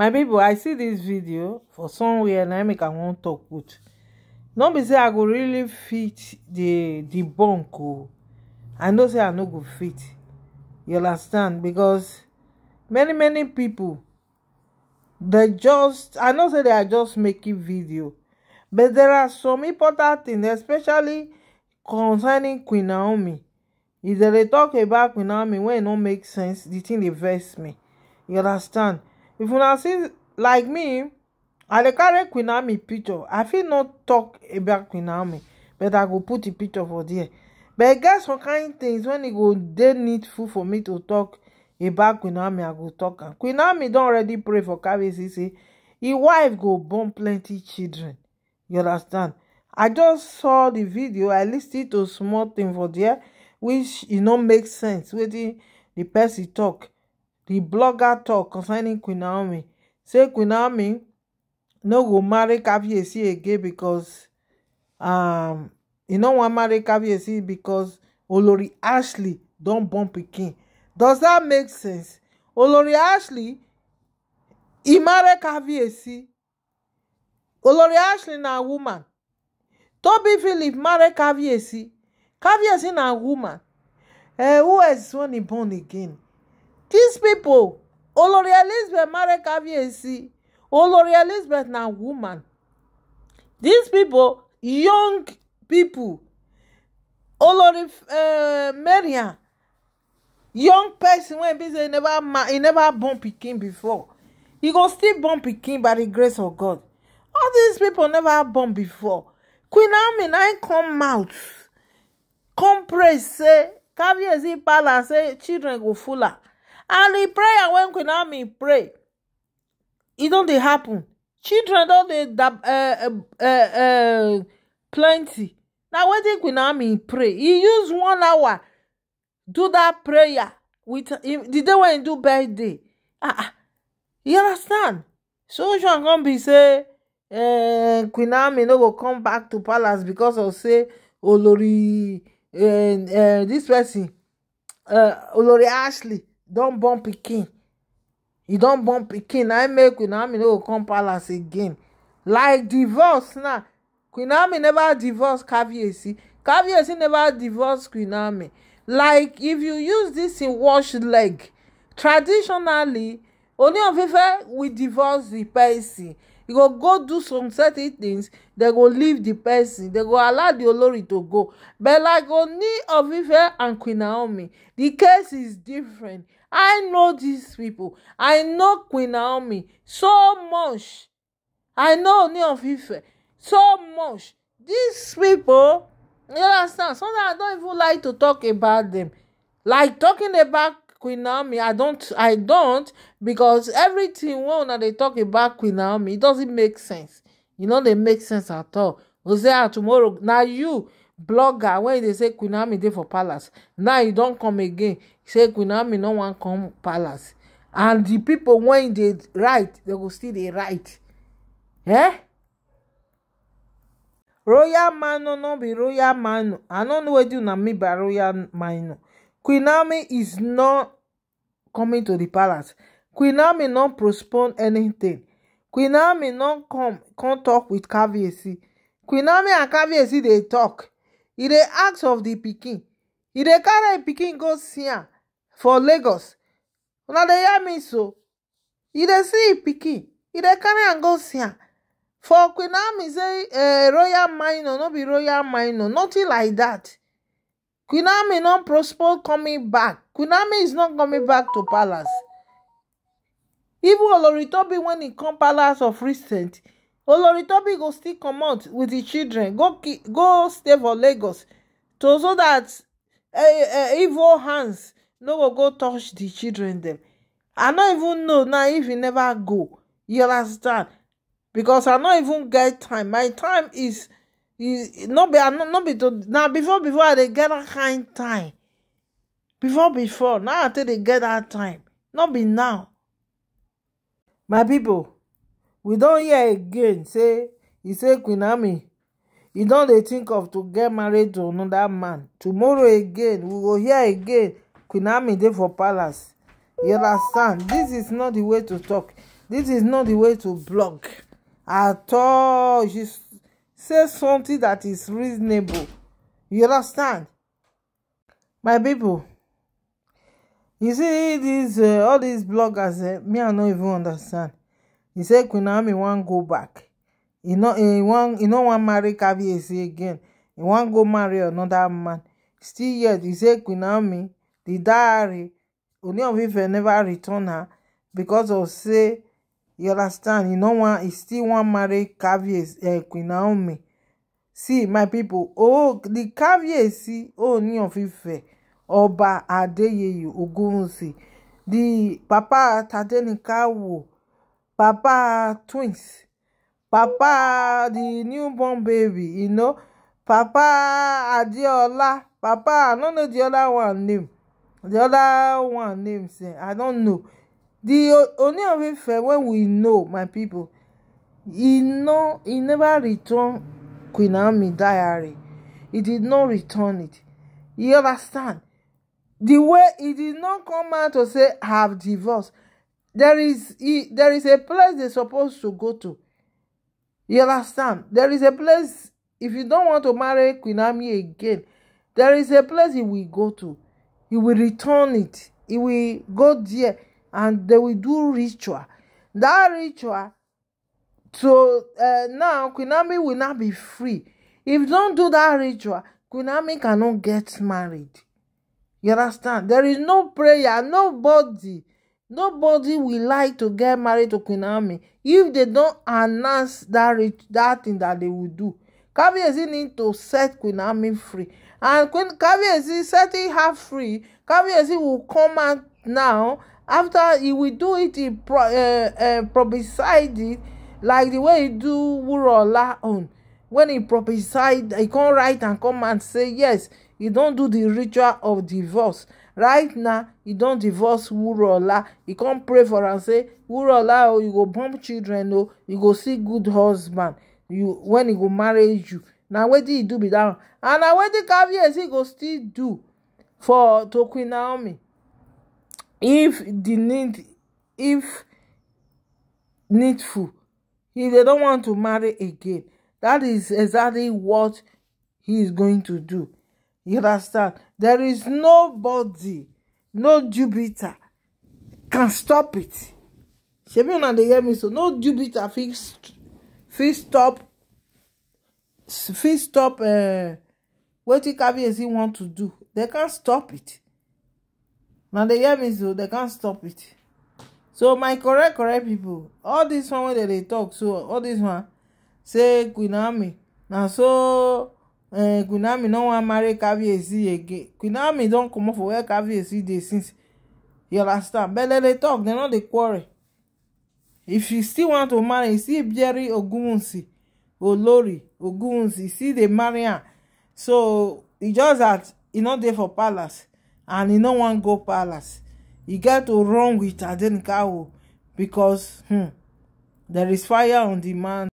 my people, i see this video for somewhere I make i wan tok put no be say i go really fit the the bunk o i know say i no go fit you understand because many many people, they just i know say they are just making video but there are some important things especially concerning queen naomi if they talk about queen naomi wey e no make sense The thing dey vex me you understand if una see like me i dey carry queen naomi picture i fit no talk about queen naomi but i go put the picture for there but e get some kind things wen e go dey needful for me to talk about queen naomi i go talk am queen naomi don already pray for kabiyesi say im wife go born plenty children you understand i just saw the video i lis ten to small thing for there which e no make sense wetin the person talk The blogger talk concerning queen naomi say queen naomi no go marry caviarcy again because um he no want marry caviarcy because olori ashley don't born pikin does that make sense olori ashley he marry caviarcy olori ashley na woman toby philip marry caviarcy caviarcy na woman eh who else wan he born again these pipo olori elizabeth marry caviarcy olori elizabeth now woman these people, young pipo olori eh, marian young person when be never he never born pikin before he go still born pikin by the grace of god all these people never born before queen I come out come praise say caviarcy palace say children go fuller. and the prayer when queen army pray e don dey happen children don dey eh, eh, eh, plenty na wetin queen army pray e use one hour do that prayer with The day when e do birthday ah, ah you understand So solution come be say queen army no go come back to palace because of say olori uh, this person, uh, olori ashley don born pikin You don born pikin na make queen naomi no go come palace again like divorce now queen naomi never divorce caviarcy caviarcy never divorce queen naomi like if you use this thing wash leg traditionally oni of ife will divorce the person you go go do some certain things They go leave the person They go allow the olori to go but like oni of ife and queen naomi the case is different i know these people. i know queen naomi so much i know oni of ife so much These people, you understand sometimes i don't even like to talk about them, like talking about queen naomi i don't i don't because everything when una dey talk about queen naomi it doesn't make sense You know, they make sense at all hosea tomorrow now you blogger when they say queen naomi dey for palace now you don't come again say queen naomi no one come palace and the people when they write they will see they write eh royal man no be royal man i no know wetin una mean by royal man queen kwinami is not coming to di palace queen kwinami no postpone anytin kwinami no come come tok wit queen kwinami and kavesi dey tok e dey ask of di pikin e dey carry pikin go see am for lagos una dey hear me so e dey see e pikin e dey carry am go see am for queen kwinami say eh, royal minor no be royal minor nothing like dat. Queen Naomi no prosper coming back. Queen Naomi is not coming back to palace. Even Oloritobi when he come palace of recent, Oloritobi go still come out with the children, go go stay for Lagos, to so that uh, uh, evil hands no go go touch the children them. I no even know now if he never go. You understand? Because I no even get time. My time is you no be no be to now before before i dey get that kind time before before now i take dey get that time Not be now my people, we don't hear again say you say queen ami e don dey think of to get married to another man tomorrow again we will hear again queen ami dey for palace you understand This is not the way to talk. This is not the way to blog at all she say something that is reasonable you understand my pipo you see dis uh, all dis bloggers eh, me i no even understand e say queen Naomi wan go back e no wan marry caviarcy again e wan go marry anoda man still yet e say queen Naomi di diary only of ife never return her becos of say you understand You know wan e still wan marry caviar eh, queen naomi see my people. oh di caviar si oni of ife oba oh, adeyeyi ogunwusi The papa tadenikawo papa twins papa the newborn baby you know papa adeola papa i no know di oda one name The other one name sef i don't know the only of Ife when we know my people he no he never return Queen Naomi diary he did not return it you understand the way he did not come out to say have divorced there is he, there is a place they supposed to go to you understand there is a place if you don't want to marry Queen Naomi again there is a place he will go to he will return it he will go there and they will do ritual that ritual so uh, now Kunami will not be free if you don't do that ritual Kunami cannot get married you understand there is no prayer nobody nobody will like to get married to Kunami if they don't announce that that thing that they will do Kabiyesi need to set Kunami free and Queen Kabiyesi setting her free Kabiyesi will come out now after he will do it he pro uh, uh, prophesied it like the way he do wurola own when he prophesied he come write and come and say yes he don do the ritual of divorce right now he don divorce wurola he come pray for am say wurola o oh, you go born children o oh, you go see good husband you when he go marry you na wetin he do be that one and na wetin he go still do for to Queen Naomi if the need if needful if they don't want to marry again that is exactly what he is going to do you understand there is nobody no jupiter can stop it shebi una dey hear me so no jupiter fit fit stop fit stop uh, wetin kabiyesi want to do they can't stop it Now they hear me so they can't stop it so my correct correct people, all this one wey dem dey tok so all this one say "Kunami." Now so eh, queen army no one marry caviarcy again Kunami don't come comot for where caviarcy dey since last time. but dem dey tok dem no dey quarrel if you still want to marry you still jerry ogunwusi olori ogunwusi See dey marry am so it e just that e no dey for palace and he no wan go palace He get to run with adenikawo because um there is fire on di man